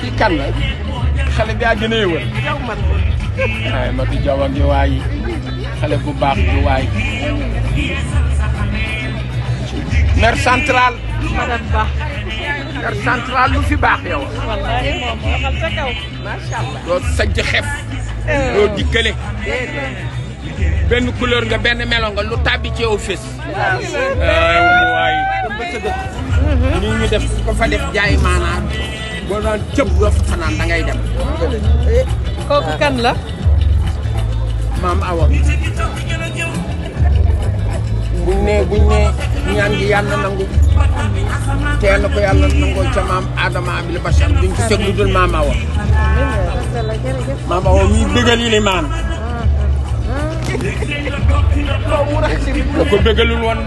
kii kan la xale bi yaa gën a yëwal waaye Mati Jaw a ngi waay xale bu baax bu waay maire central madame central lu fi baax yow wallaahi moom waxal sa kaw macha allah doo ben couleur nga ben melo nga lu tabbi ci office fés. waay ni ñu def ko fa def jaay maanaa bo daan cëb doo fa fanaan da ngay dem. kooku kan la. mam Awa. buñ ne buñ ne ñaan gi yalla nangu téna ko yalla nangu ci mam Adama bi Abil bashar duñ ci seglu dul mam Awa. mam Awa mi dëgal yi li man da ko bëggalul woon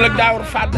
la daawur fàdd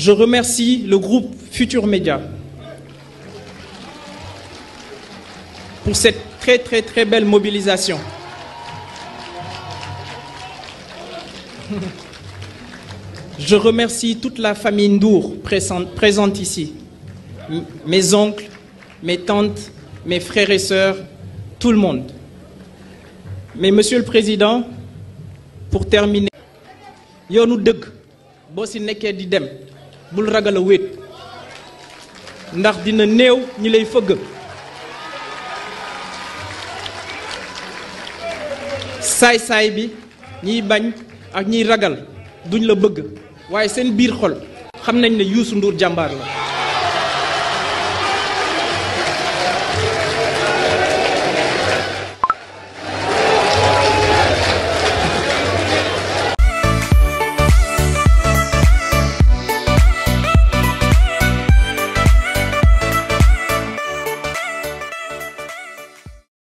Je remercie le groupe Futur Média pour cette très très très belle mobilisation. Je remercie toute la famille Ndour présente, ici. Mes oncles, mes tantes, mes frères et sœurs, tout le monde. Mais Monsieur le Président, pour terminer, bul ragal a wéet ndax dina néew ñi lay fëgg saay-saay bi ñiy bañ ak ñiy ragal duñ la bëgg waaye seen biir xol xam nañ ne yuusu Ndour jàmbaar la